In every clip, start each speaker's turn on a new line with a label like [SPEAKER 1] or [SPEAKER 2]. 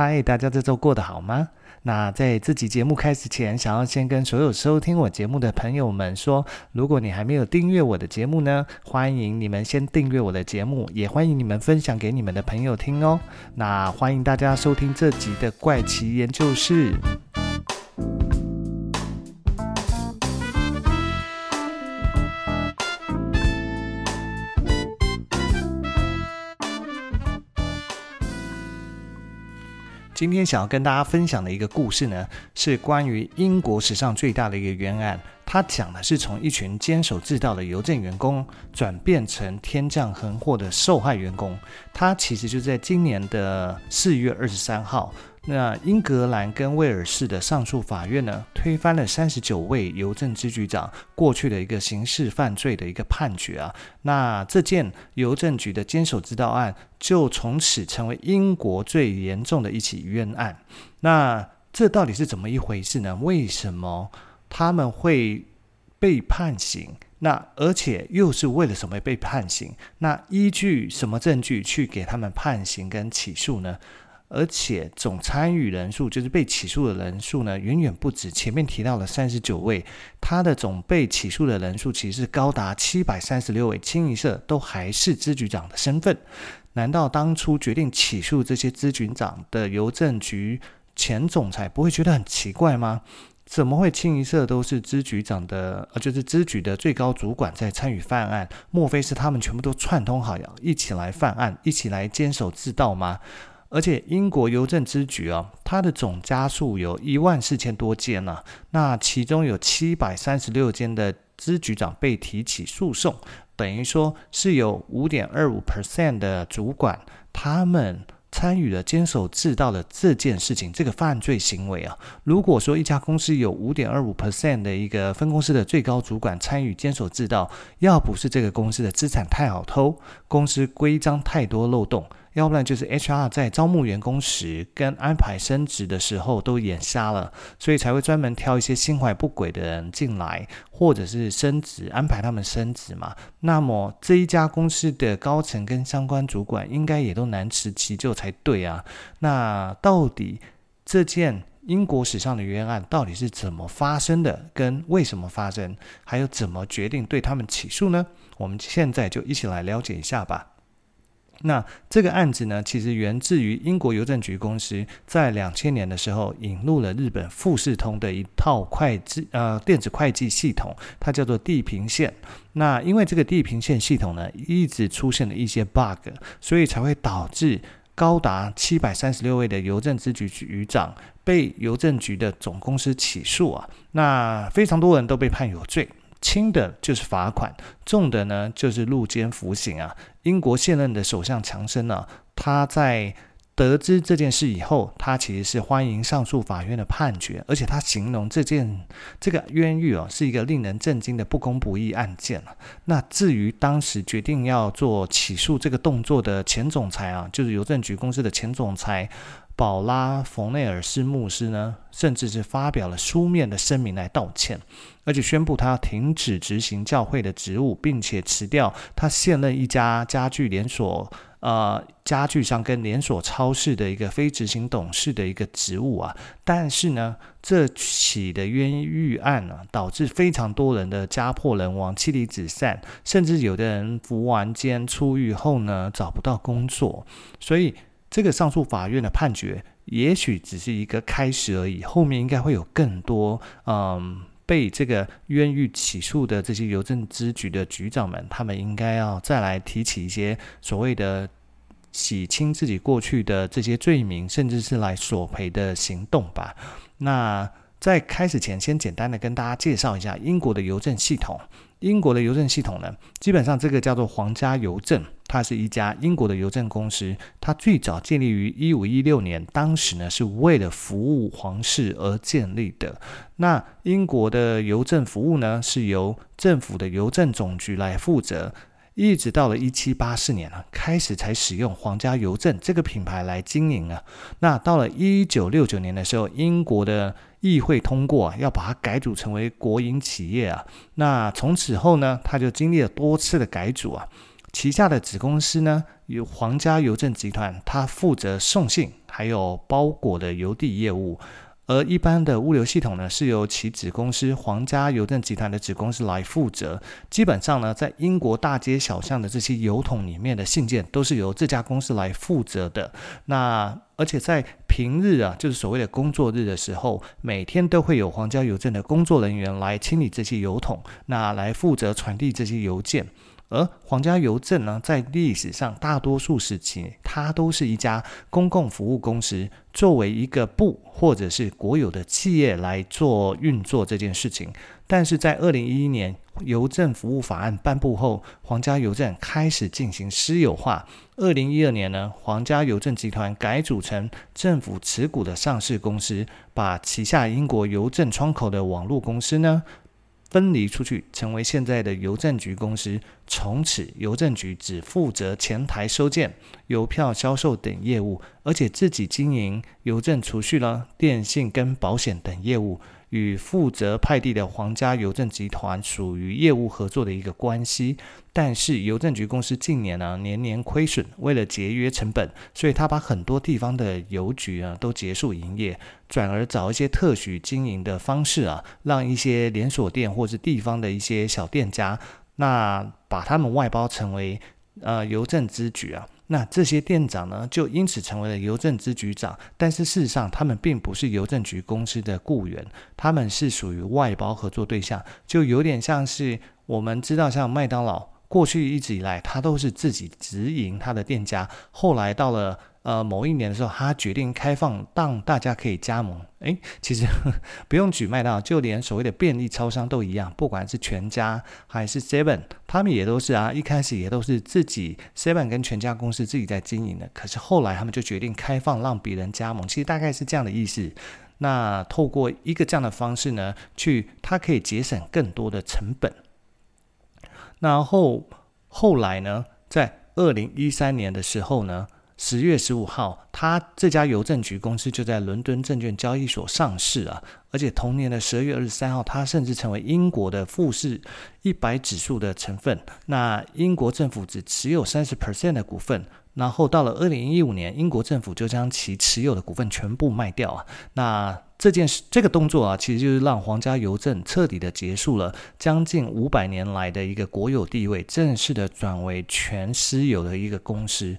[SPEAKER 1] 嗨，大家這週過得好嗎？那在這集節目開始前，想要先跟所有收聽我節目的朋友們說，如果你還沒有訂閱我的節目呢，歡迎你們先訂閱我的節目，也歡迎你們分享給你們的朋友聽哦。那歡迎大家收聽這集的怪奇研究室。今天想要跟大家分享的一個故事呢，是關於英國史上最大的一個冤案。它講的是從一群監守自盜的郵政員工，轉變成天降橫禍的受害員工。它其實就在今年的四月二十三號。那英格蘭跟威爾士的上訴法院呢，推翻了三十九位郵政支局長過去的一個刑事犯罪的一個判決啊。那這件郵政局的監守自盜案，就從此成為英國最嚴重的一起冤案。那這到底是怎麼一回事呢？為什麼他們會被判刑？那而且又是為了什麼被判刑？那依據什麼證據去給他們判刑跟起訴呢？而且總參與人數，就是被起訴的人數呢，遠遠不止前面提到的三十九位。他的總被起訴的人數其實是高達七百三十六位，清一色都還是支局長的身份。難道當初決定起訴這些支局長的郵政局前總裁，不會覺得很奇怪嗎？怎麼會清一色都是支局長的，呃，就是支局的最高主管在參與犯案？莫非是他們全部都串通好，要一起來犯案，一起來監守自盜嗎？而且英國郵政支局啊，它的總家數有一萬四千多間啊，那其中有七百三十六間的支局長被提起訴訟，等於說是有五點二五 percent 的主管他們參與了監守自盜的這件事情，這個犯罪行為啊。如果說一家公司有五點二五 percent 的一個分公司的最高主管參與監守自盜，要不是這個公司的資產太好偷，公司規章太多漏洞，要不然就是 HR 在招募員工時跟安排升職的時候都眼瞎了，所以才會專門挑一些心懷不軌的人進來，或者是升職安排他們升職嘛。那麼這一家公司的高層跟相關主管應該也都難辭其咎才對啊。那到底這件英國史上的冤案到底是怎麼發生的，跟為什麼發生，還有怎麼決定對他們起訴呢？我們現在就一起來了解一下吧。那這個案子呢，其實源自於英國郵政局公司在兩千年的時候引入了日本富士通的一套會計呃、電子會計系統，它叫做地平線。那因為這個地平線系統呢，一直出現了一些 bug，所以才會導致高達七百三十六位的郵政支局局長被郵政局的總公司起訴啊。那非常多人都被判有罪。輕的就是罰款，重的呢就是入監服刑啊。英國現任的首相強生呢、啊，他在得知這件事以後，他其實是歡迎上訴法院的判決，而且他形容這件這個冤獄哦、啊，是一個令人震驚的不公不義案件。那至於當時決定要做起訴這個動作的前總裁啊，就是郵政局公司的前總裁。保拉·馮內爾斯牧師呢，甚至是發表了書面的聲明來道歉，而且宣布他要停止執行教會的職務，並且辭掉他現任一家家具連鎖、呃家具商跟連鎖超市的一個非執行董事的一個職務啊。但是呢，這起的冤獄案呢、啊，導致非常多人的家破人亡、妻離子散，甚至有的人服完監出獄後呢，找不到工作，所以。這個上訴法院的判決也許只是一個開始而已，後面應該會有更多，嗯，被這個冤獄起訴的這些郵政支局的局長們，他們應該要再來提起一些所謂的洗清自己過去的這些罪名，甚至是來索賠的行動吧。那在開始前，先簡單的跟大家介紹一下英國的郵政系統。英國的郵政系統呢，基本上這個叫做皇家郵政，它是一家英國的郵政公司。它最早建立於一五一六年，當時呢是為了服務皇室而建立的。那英國的郵政服務呢是由政府的郵政總局來負責，一直到了一七八四年啊，開始才使用皇家郵政這個品牌來經營啊。那到了一九六九年的時候，英國的議會通過，要把它改組成為國營企業啊。那從此後呢，他就經歷了多次的改組啊。旗下的子公司呢，由皇家郵政集團，他負責送信還有包裹的郵遞業務。而一般的物流系統呢，是由其子公司皇家郵政集團的子公司來負責。基本上呢，在英國大街小巷的這些郵筒裡面的信件，都是由這家公司來負責的。那而且在平日啊，就是所謂的工作日的時候，每天都會有皇家郵政的工作人員來清理這些郵筒，那來負責傳遞這些郵件。而皇家郵政呢，在歷史上大多數時期，它都是一家公共服務公司，作為一個部或者是國有的企業來做運作這件事情。但是在二零一一年郵政服務法案頒布後，皇家郵政開始進行私有化。二零一二年呢，皇家郵政集團改組成政府持股的上市公司，把旗下英國郵政窗口的網絡公司呢。分離出去，成為現在的郵政局公司。從此，郵政局只負責前台收件、郵票銷售等業務，而且自己經營郵政儲蓄啦、電信跟保險等業務。與負責派遞的皇家郵政集團屬於業務合作的一個關係，但是郵政局公司近年呢、啊、年年虧損，為了節約成本，所以他把很多地方的郵局啊都結束營業，轉而找一些特許經營的方式啊，讓一些連鎖店或是地方的一些小店家，那把他們外包成為呃郵政支局啊。那這些店長呢，就因此成為了郵政支局長，但是事實上，他們並不是郵政局公司的僱員，他們是屬於外包合作對象，就有點像是我們知道，像麥當勞過去一直以來，他都是自己直營他的店家，後來到了。呃，某一年的時候，他決定開放，讓大家可以加盟。誒，其實不用舉麥當，就連所謂的便利超商都一樣，不管是全家還是 Seven，他們也都是啊。一開始也都是自己 Seven 跟全家公司自己在經營的，可是後來他們就決定開放，讓別人加盟。其實大概是這樣的意思。那透過一個這樣的方式呢，去，他可以節省更多的成本。那後後來呢，在二零一三年的時候呢。十月十五號，他這家郵政局公司就在倫敦證券交易所上市啊！而且同年的十二月二十三號，它甚至成為英國的富時一百指數的成分。那英國政府只持有三十 percent 的股份。然後到了二零一五年，英國政府就將其持有的股份全部賣掉啊！那這件事，這個動作啊，其實就是讓皇家郵政徹底的結束了將近五百年來的一個國有地位，正式的轉為全私有的一個公司。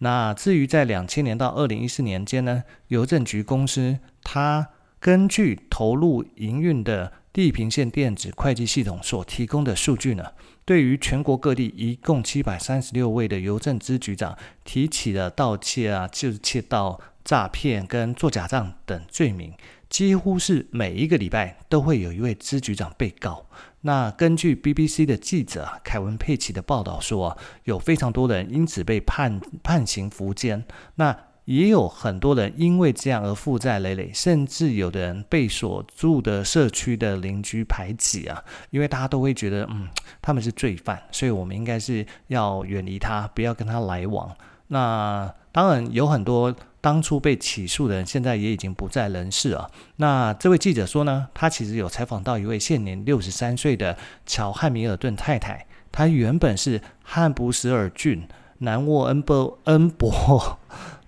[SPEAKER 1] 那至於在兩千年到二零一四年間呢，郵政局公司它根據投入營運的地平線電子會計系統所提供的數據呢，對於全國各地一共七百三十六位的郵政支局長提起了盜竊啊、就是竊盜、詐騙跟做假賬等罪名，幾乎是每一個禮拜都會有一位支局長被告。那根據 BBC 的記者凱文佩奇的報道說啊，有非常多人因此被判判刑服監，那也有很多人因為這樣而負債累累，甚至有的人被所住的社區的鄰居排擠啊，因為大家都會覺得，嗯，他們是罪犯，所以我們應該是要遠離他，不要跟他來往。那當然有很多。當初被起訴的人現在也已經不在人世了。那這位記者說呢，他其實有採訪到一位現年六十三歲的喬漢·米爾頓太太，她原本是漢普什爾郡南沃恩波恩伯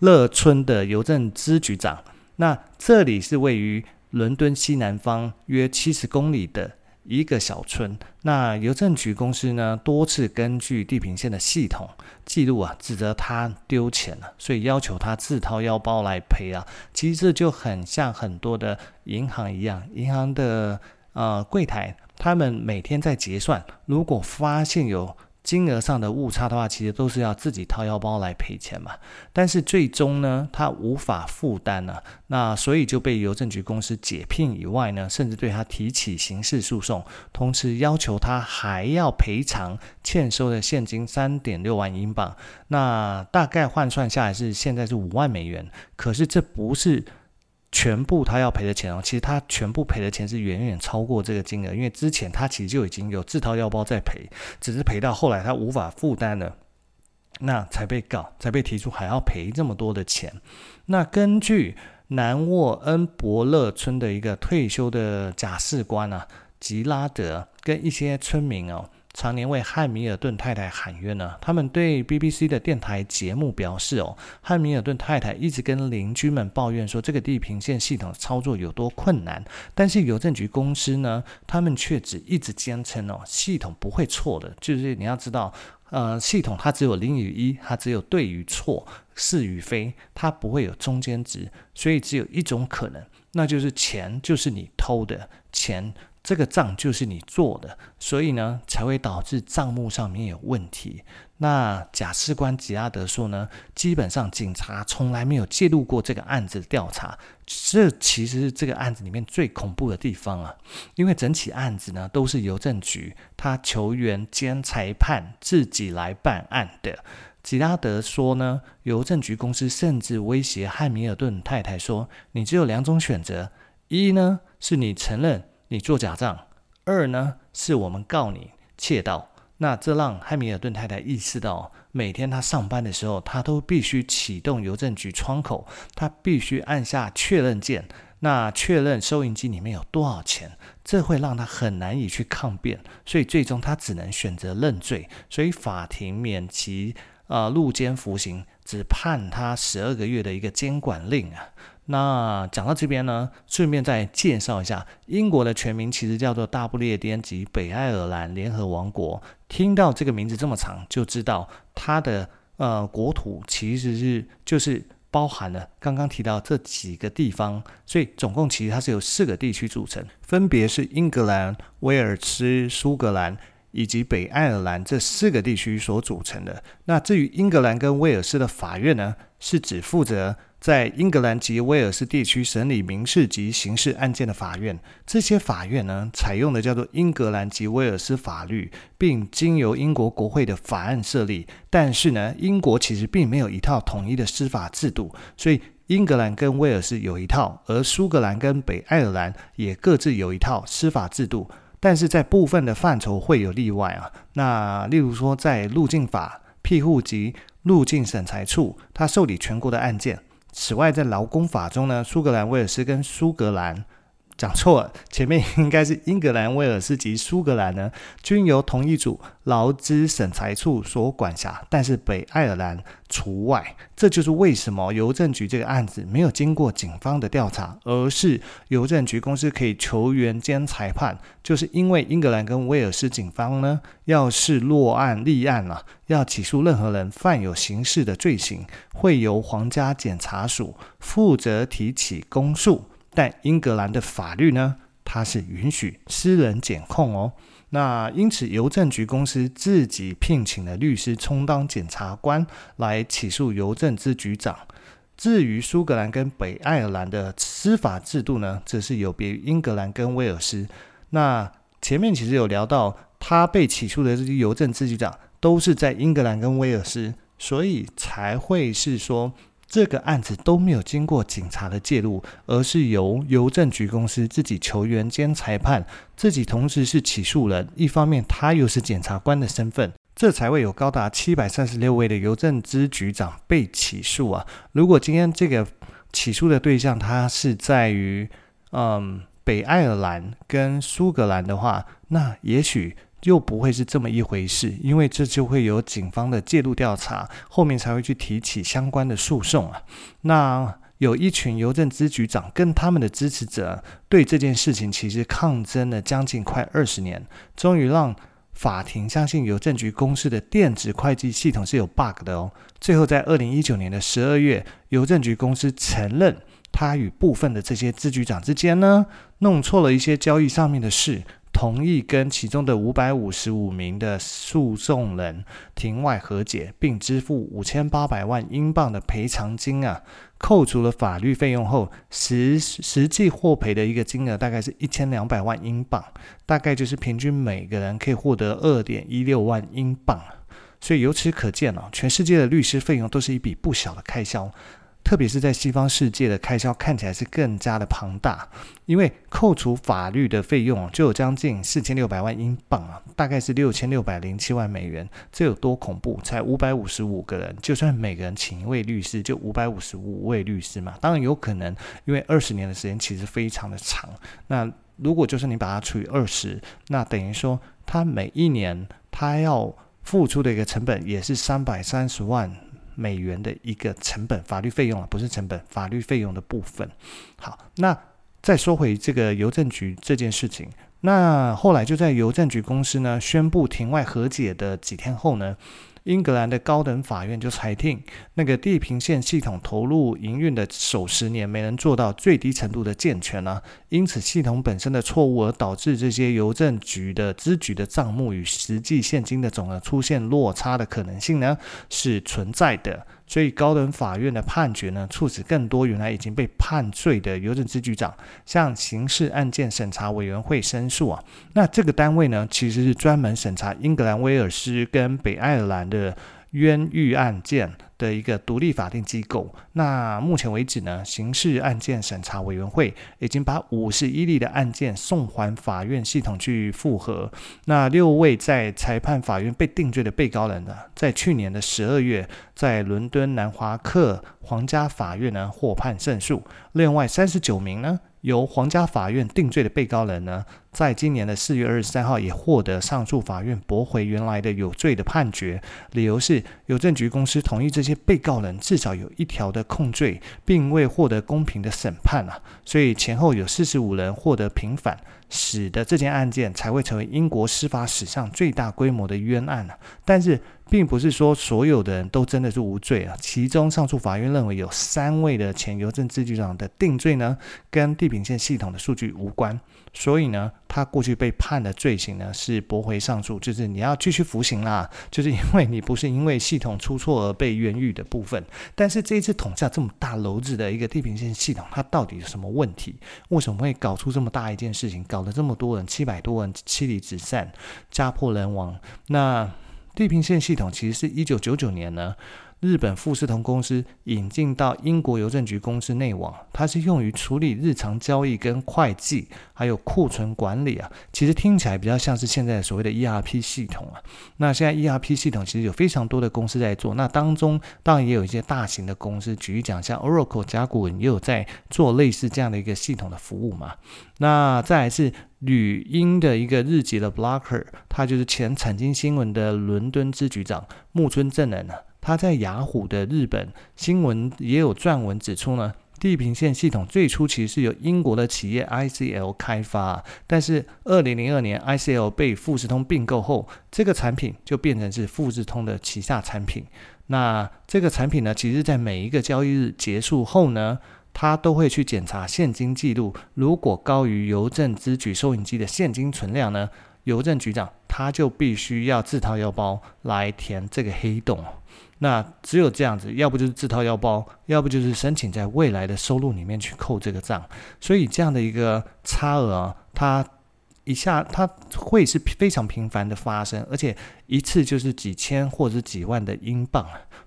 [SPEAKER 1] 勒村的郵政支局長。那這裡是位於倫敦西南方約七十公里的。一個小村，那郵政局公司呢，多次根據地平線的系統記錄啊，指責他丟錢了，所以要求他自掏腰包來賠啊。其實這就很像很多的銀行一樣，銀行的呃櫃檯，他們每天在結算，如果發現有金額上的誤差的話，其實都是要自己掏腰包來賠錢嘛。但是最終呢，他無法負擔了啊。那所以就被郵政局公司解聘以外呢，甚至對他提起刑事訴訟，同時要求他還要賠償欠收的現金三點六萬英鎊。那大概換算下來是現在是五萬美元。可是這不是。全部他要賠的錢哦，其實他全部賠的錢是遠遠超過這個金額，因為之前他其實就已經有自掏腰包在賠，只是賠到後來他無法負擔了，那才被告，才被提出還要賠這麼多的錢。那根據南沃恩伯勒村的一個退休的假釋官啊，吉拉德跟一些村民哦。常年為漢米爾頓太太喊冤呢、啊。他們對 BBC 的電台節目表示：“哦，漢米爾頓太太一直跟鄰居們抱怨說，這個地平線系統操作有多困難。但是郵政局公司呢，他們卻只一直堅稱：哦，系統不會錯的。就是你要知道，呃，系統它只有零與一，它只有對與錯，是與非，它不會有中間值。所以只有一種可能，那就是錢就是你偷的錢。”這個賬就是你做的，所以呢才會導致賬目上面有問題。那假釋官吉拉德說呢，基本上警察從來沒有介入過這個案子的調查，這其實是這個案子裡面最恐怖的地方啊！因為整起案子呢都是郵政局他球員兼裁判自己來辦案的。吉拉德說呢，郵政局公司甚至威脅漢米爾頓太太說：“你只有兩種選擇，一呢是你承認。”你做假賬，二呢是我們告你竊盜，那這讓漢密爾頓太太意識到，每天他上班的時候，他都必須啟動郵政局窗口，他必須按下確認鍵，那確認收銀機裡面有多少錢，這會讓他很難以去抗辯，所以最終他只能選擇認罪，所以法庭免其啊、呃、入監服刑，只判他十二個月的一個監管令啊。那講到這邊呢，順便再介紹一下，英國的全名其實叫做大不列顛及北愛爾蘭聯合王國。聽到這個名字這麼長，就知道它的呃國土其實是就是包含了剛剛提到這幾個地方，所以總共其實它是由四個地區組成，分別是英格蘭、威爾斯、蘇格蘭以及北愛爾蘭這四個地區所組成的。那至於英格蘭跟威爾斯的法院呢，是指負責在英格蘭及威爾斯地區審理民事及刑事案件的法院。這些法院呢，採用的叫做英格蘭及威爾斯法律，並經由英國國會的法案設立。但是呢，英國其實並沒有一套統一的司法制度，所以英格蘭跟威爾斯有一套，而蘇格蘭跟北愛爾蘭也各自有一套司法制度。但是在部分的範疇會有例外啊。那例如說，在入境法、庇護及入境審裁處，他受理全國的案件。此外，在勞工法中呢，蘇格蘭、威爾斯跟蘇格蘭。講錯了，前面應該是英格蘭、威爾士及蘇格蘭呢，均由同一組勞資審裁處所管轄，但是北愛爾蘭除外。這就是為什麼郵政局這個案子沒有經過警方的調查，而是郵政局公司可以球員兼裁判，就是因為英格蘭跟威爾士警方呢，要是落案立案了、啊，要起訴任何人犯有刑事的罪行，會由皇家檢察署負責提起公訴。但英格蘭的法律呢？它是允許私人檢控哦。那因此，郵政局公司自己聘請了律師充當檢察官來起訴郵政支局長。至於蘇格蘭跟北愛爾蘭的司法制度呢？則是有別於英格蘭跟威爾斯。那前面其實有聊到，他被起訴的這些郵政支局長都是在英格蘭跟威爾斯，所以才會是說。這個案子都沒有經過警察的介入，而是由郵政局公司自己球員兼裁判，自己同時是起訴人。一方面，他又是檢察官的身份，這才會有高達七百三十六位的郵政支局長被起訴啊！如果今天這個起訴的對象他是在於嗯北愛爾蘭跟蘇格蘭的話，那也許。又不會是這麼一回事，因為這就會有警方的介入調查，後面才會去提起相關的訴訟啊。那有一群郵政支局長跟他們的支持者對這件事情其實抗爭了將近快二十年，終於讓法庭相信郵政局公司的電子會計系統是有 bug 的哦。最後在二零一九年的十二月，郵政局公司承認他與部分的這些支局長之間呢，弄錯了一些交易上面的事。同意跟其中的五百五十五名的訴訟人庭外和解，并支付五千八百萬英鎊的賠償金啊，扣除了法律費用後，實實際獲賠的一個金額大概是一千兩百萬英鎊，大概就是平均每個人可以獲得二點一六萬英鎊。所以由此可見啊，全世界的律師費用都是一筆不小的開銷。特別是在西方世界的開銷看起來是更加的龐大，因為扣除法律的費用，就有將近四千六百萬英鎊啊，大概是六千六百零七萬美元。這有多恐怖？才五百五十五個人，就算每個人請一位律師，就五百五十五位律師嘛。當然有可能，因為二十年的時間其實非常的長。那如果就是你把它除以二十，那等於說他每一年他要付出的一個成本也是三百三十萬。美元的一個成本，法律費用啊，不是成本，法律費用的部分。好，那再說回這個郵政局這件事情，那後來就在郵政局公司呢宣布庭外和解的幾天後呢。英格蘭的高等法院就裁定，那個地平線系統投入營運的首十年沒能做到最低程度的健全呢、啊，因此系統本身的錯誤而導致這些郵政局的支局的賬目與實際現金的總額出現落差的可能性呢，是存在的。所以高等法院的判決呢，促使更多原來已經被判罪的郵政支局長向刑事案件審查委員會申訴啊。那這個單位呢，其實是專門審查英格蘭、威爾斯跟北愛爾蘭的。冤獄案件的一個獨立法定機構。那目前為止呢，刑事案件審查委員會已經把五十一例的案件送還法院系統去復核。那六位在裁判法院被定罪的被告人呢，在去年的十二月，在倫敦南華克皇家法院呢獲判勝訴。另外三十九名呢，由皇家法院定罪的被告人呢，在今年的四月二十三號，也獲得上訴法院駁回原來的有罪的判決，理由是郵政局公司同意這些被告人至少有一條的控罪，並未獲得公平的審判啊，所以前後有四十五人獲得平反，使得這件案件才會成為英國司法史上最大規模的冤案啊。但是，並不是說所有的人都真的是無罪啊，其中上訴法院認為有三位的前郵政支局長的定罪呢，跟地平線系統的數據無關，所以呢。他過去被判的罪行呢，是駁回上訴，就是你要繼續服刑啦，就是因為你不是因為系統出錯而被冤獄的部分。但是這一次捅下這麼大簍子的一個地平線系統，它到底有什麼問題？為什麼會搞出這麼大一件事情，搞得這麼多人，七百多人妻離子散，家破人亡？那地平線系統其實是一九九九年呢。日本富士通公司引進到英國郵政局公司內網，它是用於處理日常交易跟會計，還有庫存管理啊。其實聽起來比較像是現在所謂的 ERP 系統啊。那現在 ERP 系統其實有非常多的公司在做，那當中當然也有一些大型的公司，舉例講，像 Oracle、甲骨文也有在做類似這樣的一個系統的服務嘛。那再來是旅英的一個日籍的 Blocker，他就是前產經新聞的倫敦支局長木村正人啊。他在雅虎的日本新聞也有撰文指出呢，地平線系統最初其實是由英國的企業 ICL 開發，但是二零零二年 ICL 被富士通併購後，這個產品就變成是富士通的旗下產品。那這個產品呢，其實在每一個交易日結束後呢，他都會去檢查現金記錄，如果高於郵政支取收銀機的現金存量呢，郵政局長。他就必須要自掏腰包來填這個黑洞，那只有這樣子，要不就是自掏腰包，要不就是申請在未來的收入裡面去扣這個賬，所以這樣的一個差額啊，它，一下它會是非常頻繁的發生，而且。一次就是幾千或者是幾萬的英鎊。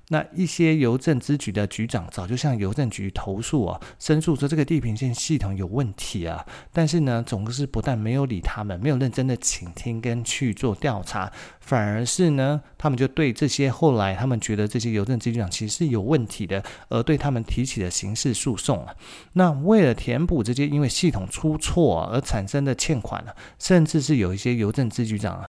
[SPEAKER 1] 那一些郵政支局的局長早就向郵政局投訴啊，申訴說這個地平線系統有問題啊。但是呢，總公司不但沒有理他們，沒有認真的傾聽跟去做調查，反而是呢，他們就對這些後來他們覺得這些郵政支局長其實是有問題的，而對他們提起的刑事訴訟啊。那為了填補這些因為系統出錯而產生的欠款了，甚至是有一些郵政支局長啊。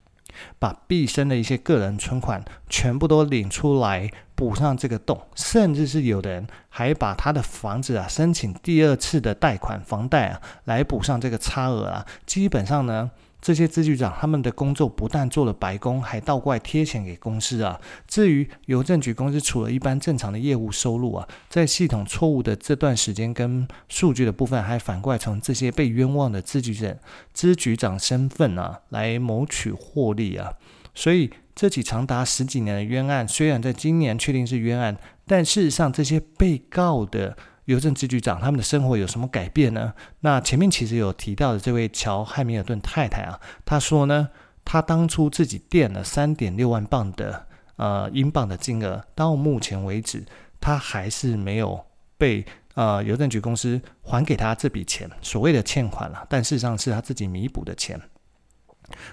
[SPEAKER 1] 把畢生的一些個人存款全部都領出來補上這個洞，甚至是有的人還把他的房子啊申請第二次的貸款房貸啊來補上這個差額啊，基本上呢，這些支局長他們的工作不但做了白工，還倒過來貼錢給公司啊。至於郵政局公司，除了一般正常的業務收入啊，在系統錯誤的這段時間跟數據的部分，還反過來從這些被冤枉的支局長、支局長身份啊來謀取獲利啊。所以這起長達十幾年的冤案，雖然在今年確定是冤案，但事實上這些被告的。郵政支局長他們的生活有什麼改變呢？那前面其實有提到的這位喬·漢密爾頓太太啊，她說呢，她當初自己墊了三點六萬鎊的呃英鎊的金額，到目前為止，她還是沒有被呃郵政局公司還給她這筆錢，所謂的欠款了，但事實上是她自己彌補的錢。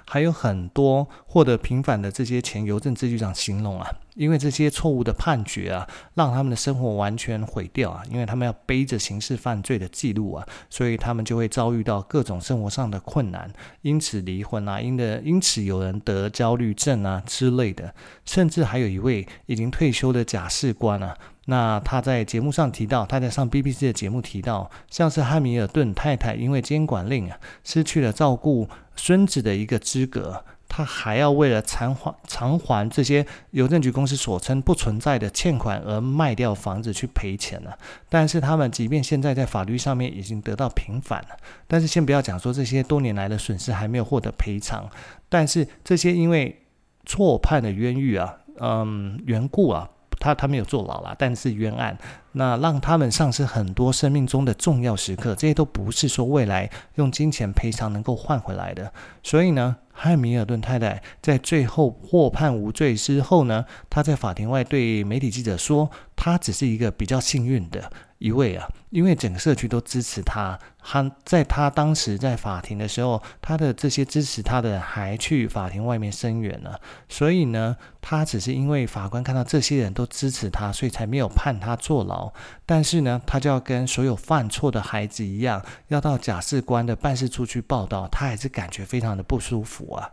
[SPEAKER 1] 還有很多獲得平反的這些前郵政支局長形容啊。因為這些錯誤的判決啊，讓他們的生活完全毀掉啊！因為他們要背着刑事犯罪的記錄啊，所以他們就會遭遇到各種生活上的困難，因此離婚啊，因的因此有人得焦慮症啊之類的，甚至還有一位已經退休的假釋官啊，那他在節目上提到，他在上 BBC 的節目提到，像是漢米爾頓太太因為監管令啊，失去了照顧孫子的一個資格。他還要為了償還償還這些郵政局公司所稱不存在的欠款而賣掉房子去賠錢呢。啊，但是他們即便現在在法律上面已經得到平反了，但是先不要講說這些多年來的損失還沒有獲得賠償，但是這些因為錯判的冤獄啊，嗯、呃，緣故啊，他他沒有坐牢啦，但是冤案那讓他們喪失很多生命中的重要時刻，這些都不是說未來用金錢賠償能夠換回來的，所以呢。漢密爾頓太太在最後獲判無罪之後呢，她在法庭外對媒體記者說：“她只是一個比較幸運的。”一位啊，因為整個社區都支持他，他在他當時在法庭的時候，他的這些支持他的人還去法庭外面聲援了，所以呢，他只是因為法官看到這些人都支持他，所以才沒有判他坐牢。但是呢，他就要跟所有犯錯的孩子一樣，要到假釋官的辦事處去報到，他還是感覺非常的不舒服啊。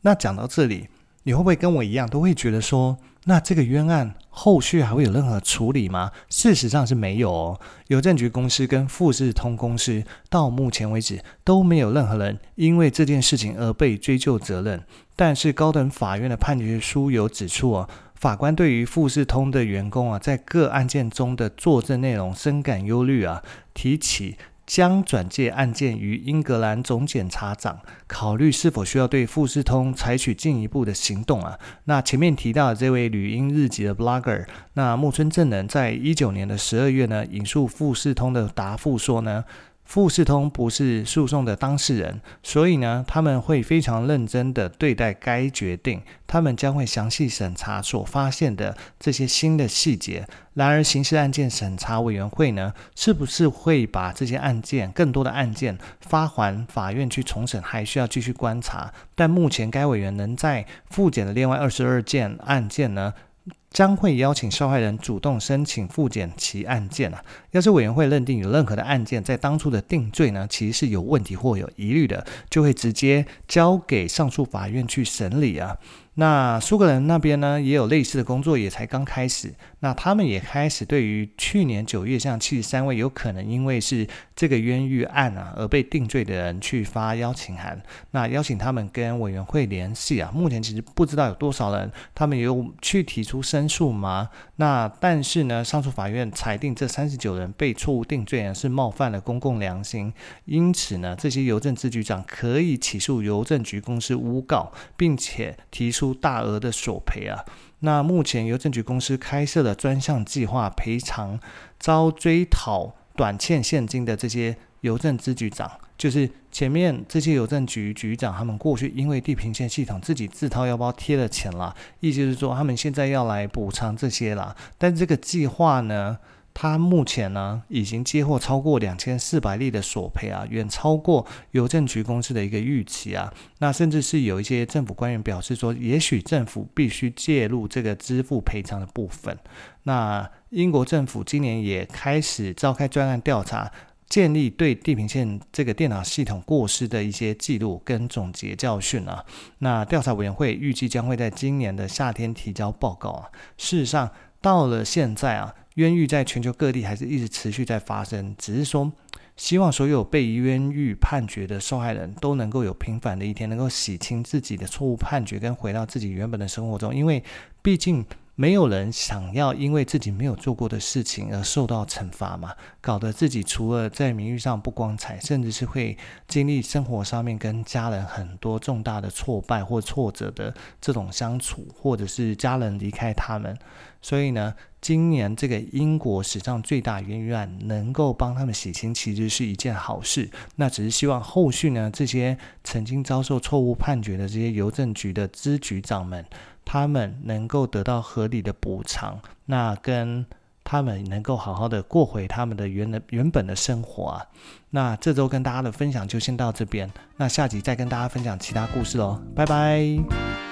[SPEAKER 1] 那講到這裡。你會不會跟我一樣，都會覺得說，那這個冤案後續還會有任何處理嗎？事實上是沒有哦。郵政局公司跟富士通公司到目前為止都沒有任何人因為這件事情而被追究責任。但是高等法院的判決書有指出哦、啊，法官對於富士通的員工啊，在各案件中的作證內容深感憂慮啊，提起。將轉介案件於英格蘭總檢察長，考慮是否需要對富士通採取進一步的行動啊。那前面提到的這位旅英日籍的 blogger，那木村正人在一九年的十二月呢，引述富士通的答覆說呢。富士通不是訴訟的當事人，所以呢，他們會非常認真的對待該決定。他們將會詳細審查所發現的這些新的細節。然而，刑事案件審查委員會呢，是不是會把這些案件，更多的案件發還法院去重審，還需要繼續觀察。但目前，該委員能在複檢的另外二十二件案件呢，將會邀請受害人主動申請複檢其案件啊。要是委員會認定有任何的案件在當初的定罪呢，其實是有問題或有疑慮的，就會直接交給上訴法院去審理啊。那蘇格蘭那邊呢，也有類似的工作，也才剛開始。那他們也開始對於去年九月向七十三位有可能因為是這個冤獄案啊而被定罪的人去發邀請函。那邀請他們跟委員會聯繫啊。目前其實不知道有多少人，他們有去提出申訴嗎。那但是呢，上訴法院裁定這三十九人被錯誤定罪呢是冒犯了公共良心，因此呢，這些郵政支局長可以起訴郵政局公司誣告，並且提出大額的索賠啊。那目前郵政局公司開設了專項計劃，賠償遭追討短欠現金的這些郵政支局長，就是前面這些郵政局局長，他們過去因為地平線系統自己自掏腰包貼了錢啦，意思就是說他們現在要來補償這些啦。但這個計劃呢，他目前呢，已經接獲超過兩千四百例的索賠啊，遠超過郵政局公司的一個預期啊。那甚至是有一些政府官員表示說，也許政府必須介入這個支付賠償的部分。那英國政府今年也開始召開專案調查，建立對地平線這個電腦系統過失的一些記錄跟總結教訓啊。那調查委員會預計將會在今年的夏天提交報告啊。事實上，到了現在啊。冤獄在全球各地還是一直持續在發生，只是說，希望所有被冤獄判決的受害人都能夠有平反的一天，能夠洗清自己的錯誤判決，跟回到自己原本的生活中，因為畢竟。沒有人想要因為自己沒有做過的事情而受到懲罰嘛。搞得自己除了在名譽上不光彩，甚至是會經歷生活上面跟家人很多重大的挫敗或挫折的這種相處，或者是家人離開他們。所以呢，今年這個英國史上最大冤獄案能夠幫他們洗清，其實是一件好事。那只是希望後續呢，這些曾經遭受錯誤判決的這些郵政局的支局長們。他們能夠得到合理的補償，那跟他們能夠好好的過回他們的原原本的生活啊。那這周跟大家的分享就先到這邊，那下集再跟大家分享其他故事嘍，拜拜。